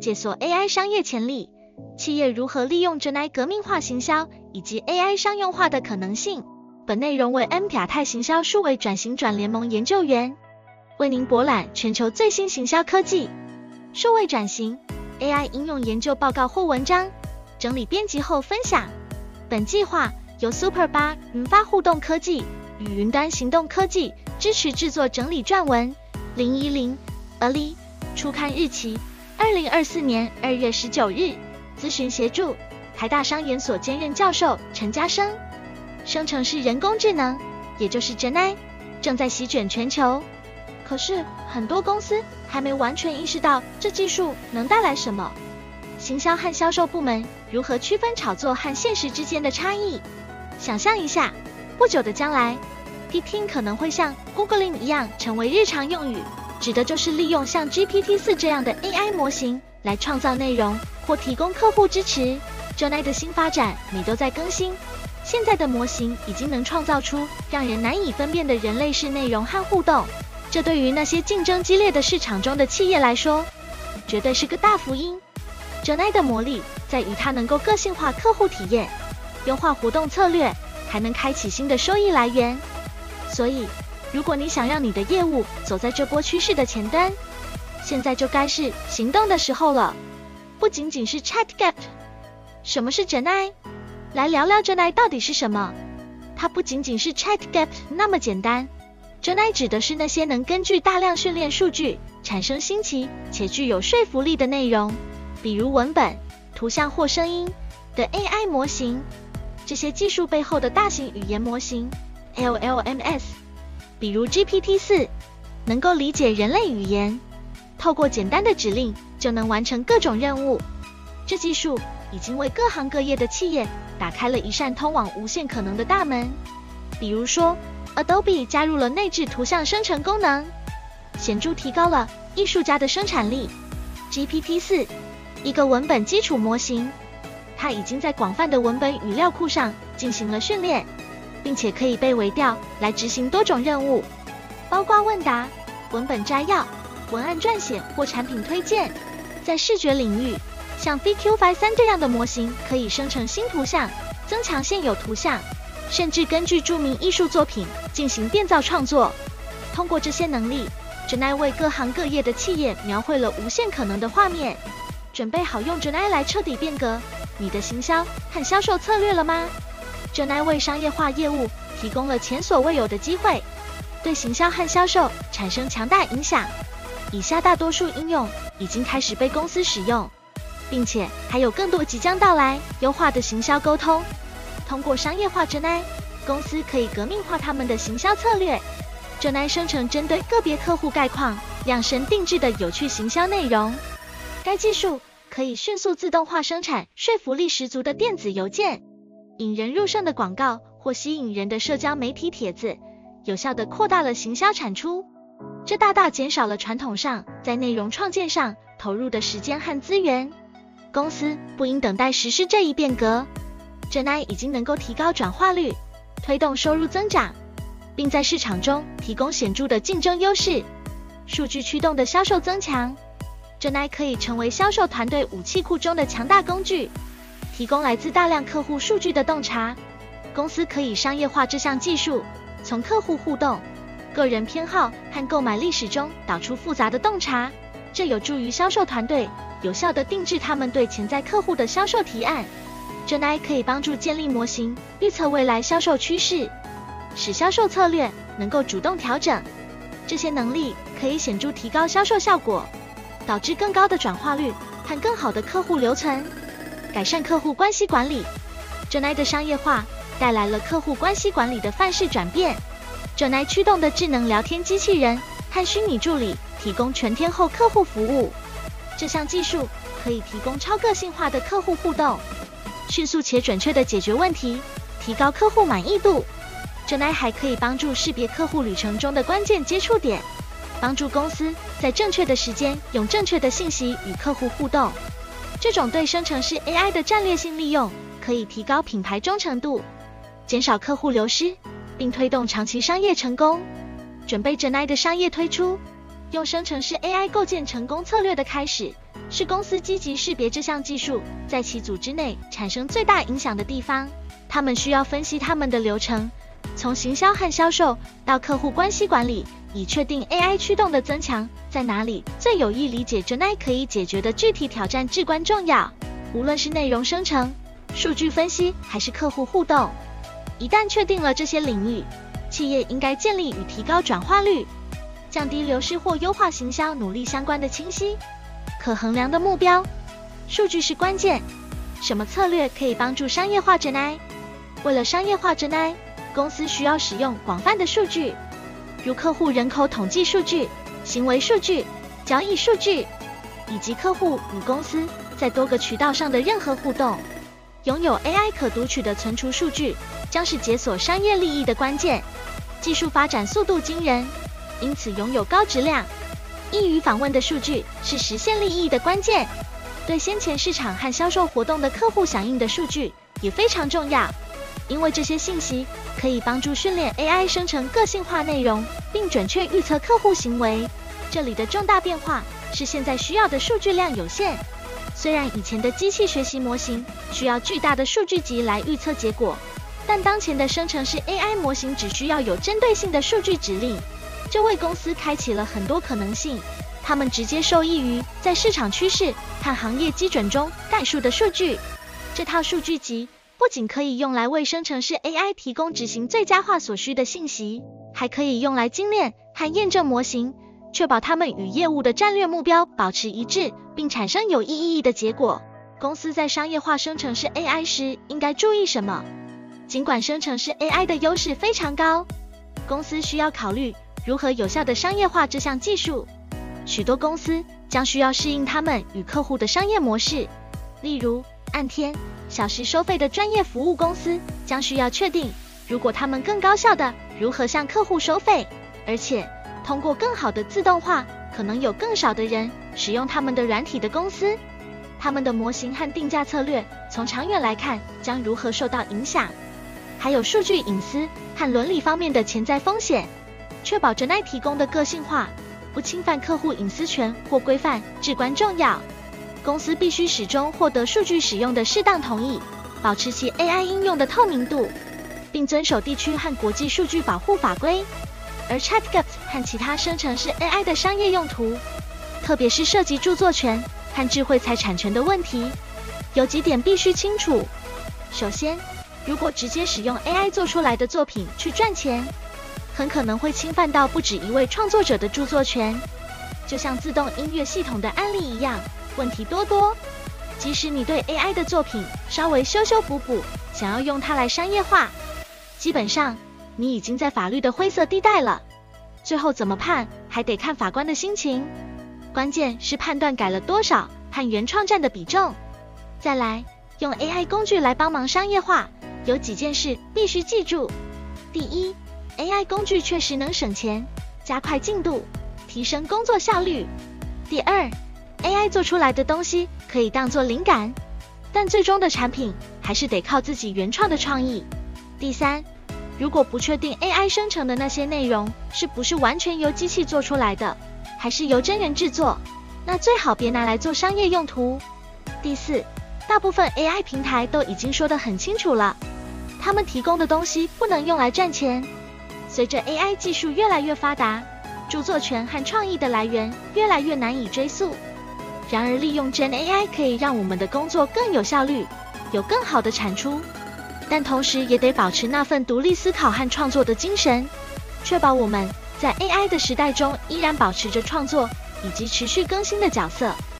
解鎖 AI 商業潛力，企業如何利用 GenAI 革命化行銷以及 AI 商用化的可能性？本內容為 M 亞太行銷數位轉型轉聯盟研究員為您博覽全球最新行銷科技、數位轉型 AI 應用研究報告或文章，整理編輯後分享。本計劃由 Super 八雲發互動科技與雲端行動科技支持制作整理撰文。零一零 Early 初刊日期。二零二四年二月十九日，諮詢協助台大商研所兼任教授陳嘉生，生成式人工智能，也就是 GenAI 正在席捲全球。可是，很多公司還沒完全意識到這技術能帶來什麼。行銷和銷售部門如何區分炒作和現實之間的差異？想象一下，不久的將來，GPTing 可能會像 Googling 一樣成為日常用語。指的就是利用像 GPT-4 這樣的 AI 模型來創造內容或提供客戶支持。GenAI 的新發展，你都在更新。現在的模型已經能創造出讓人難以分辨的人類式內容和互動，這對於那些競爭激烈的市場中的企業來說，絕對是個大福音。GenAI 的魔力在於它能夠個性化客戶體驗、優化活動策略，還能開啟新的收益來源。所以，如果你想讓你的業務走在這波趨勢的前端，現在就該是行動的時候了。不僅僅是 ChatGPT，什麼是 GenAI？來聊聊 GenAI 到底是什麼？它不僅僅是 ChatGPT 那麼簡單。GenAI 指的是那些能根據大量訓練數據產生新奇且具有說服力的內容，比如文本、圖像或聲音的 AI 模型。這些技術背後的大型語言模型 （LLMs）。比如 GPT 四能夠理解人類語言，透過簡單的指令就能完成各種任務。這技術已經為各行各業的企業打開了一扇通往無限可能的大門。比如說，Adobe 加入了內置圖像生成功能，顯著提高了藝術家的生產力。GPT 四，一個文本基礎模型，它已經在廣泛的文本語料庫上進行了訓練。並且可以被微調來執行多種任務，包括問答、文本摘要、文案撰寫或產品推薦。在視覺領域，像 d q 5 3這樣的模型可以生成新圖像、增強現有圖像，甚至根據著名藝術作品進行變造創作。通過這些能力，GenAI 為各行各業的企業描繪了無限可能的畫面。準備好用 GenAI 來徹底變革你的行銷和銷售策略了嗎？GenAI 為商業化業務提供了前所未有的機會，對行銷和銷售產生強大影響。以下大多數應用已經開始被公司使用，並且還有更多即將到來。優化的行銷溝通，通過商業化 GenAI，公司可以革命化他們的行銷策略。GenAI 生成針對個別客戶概況量身定制的有趣行銷內容。該技術可以迅速自動化生產說服力十足的電子郵件。引人入勝的廣告或吸引人的社交媒體帖子，有效地擴大了行銷產出，這大大減少了傳統上在內容創建上投入的時間和資源。公司不應等待實施這一變革。GenAI 已經能夠提高轉化率，推動收入增長，並在市場中提供顯著的競爭優勢。數據驅動的銷售增強，GenAI 可以成為銷售團隊武器庫中的強大工具。提供來自大量客戶數據的洞察，公司可以商業化這項技術，從客戶互動、個人偏好和購買歷史中導出複雜的洞察。這有助於銷售團隊有效地定制他們對潛在客戶的銷售提案。GenAI 可以幫助建立模型，預測未來銷售趨勢，使銷售策略能夠主動調整。這些能力可以顯著提高銷售效果，導致更高的轉化率和更好的客戶留存。改善客戶關係管理，GenAI 的商業化帶來了客戶關係管理的範式轉變。GenAI 驅動的智能聊天機器人和虛擬助理提供全天候客戶服務。這項技術可以提供超個性化的客戶互動，迅速且準確地解決問題，提高客戶滿意度。GenAI 還可以幫助識別客戶旅程中的關鍵接觸點，幫助公司在正確的時間用正確的信息與客戶互動。這種對生成式 AI 的戰略性利用，可以提高品牌忠誠度，減少客戶流失，並推動長期商業成功。準備 GenAI 的商業推出，用生成式 AI 構建成功策略的開始，是公司積極識別這項技術在其組織內產生最大影響的地方。他們需要分析他們的流程，從行銷和銷售到客戶關係管理。以確定 AI 驅動的增強在哪裡最有益，理解 GenAI 可以解決的具體挑戰至關重要。無論是內容生成、數據分析還是客戶互動，一旦確定了這些領域，企業應該建立與提高轉化率、降低流失或優化行銷努力相關的清晰、可衡量的目標。數據是關鍵。什麼策略可以幫助商業化 GenAI？為了商業化 GenAI，公司需要使用廣泛的數據。如客戶人口統計數據、行為數據、交易數據，以及客戶與公司在多個渠道上的任何互動，擁有 AI 可讀取的存儲數據將是解鎖商業利益的關鍵。技術發展速度驚人，因此擁有高質量、易於訪問的數據是實現利益的關鍵。對先前市場和銷售活動的客戶響應的數據也非常重要。因為這些信息可以幫助訓練 AI 生成個性化內容，並準確預測客戶行為。這裡的重大變化是現在需要的數據量有限。雖然以前的機器學習模型需要巨大的數據集來預測結果，但當前的生成式 AI 模型只需要有針對性的數據指令，這為公司開啟了很多可能性。他們直接受益於在市場趨勢和行業基準中概述的數據。這套數據集。不僅可以用來為生成式 AI 提供執行最佳化所需的信息，還可以用來精煉和驗證模型，確保它們與業務的戰略目標保持一致，並產生有意義的結果。公司在商業化生成式 AI 時應該注意什麼？儘管生成式 AI 的優勢非常高，公司需要考慮如何有效的商業化這項技術。許多公司將需要適應他們與客戶的商業模式，例如按天小時收費的專業服務公司將需要確定，如果他們更高效地如何向客戶收費，而且通過更好的自動化，可能有更少的人使用他們的軟體的公司，他們的模型和定價策略從長遠來看將如何受到影響，還有數據隱私和倫理方面的潛在風險，確保 GenAI 提供的個性化不侵犯客戶隱私權或規範至關重要。公司必須始終獲得數據使用的適當同意，保持其 AI 應用的透明度，並遵守地區和國際數據保護法規。而 ChatGPT 和其他生成式 AI 的商業用途，特別是涉及著作權和智慧財產權的問題，有幾點必須清楚。首先，如果直接使用 AI 做出來的作品去賺錢，很可能會侵犯到不止一位創作者的著作權，就像自動音樂系統的案例一樣。問題多多，即使你對 AI 的作品稍微修修補補，想要用它來商業化，基本上你已經在法律的灰色地帶了。最後怎麼判，還得看法官的心情。關鍵是判斷改了多少和原創占的比重。再來用 AI 工具來幫忙商業化，有幾件事必須記住：第一，AI 工具確實能省錢、加快進度、提升工作效率；第二。AI 做出來的東西可以當做靈感，但最終的產品還是得靠自己原創的創意。第三，如果不確定 AI 生成的那些內容是不是完全由機器做出來的，還是由真人制作，那最好別拿來做商業用途。第四，大部分 AI 平台都已經說得很清楚了，他們提供的東西不能用來賺錢。隨着 AI 技術越來越發達，著作權和創意的來源越來越難以追溯。然而，利用 GenAI 可以讓我們的工作更有效率，有更好的產出，但同時也得保持那份獨立思考和創作的精神，確保我們在 AI 的時代中依然保持着創作以及持續更新的角色。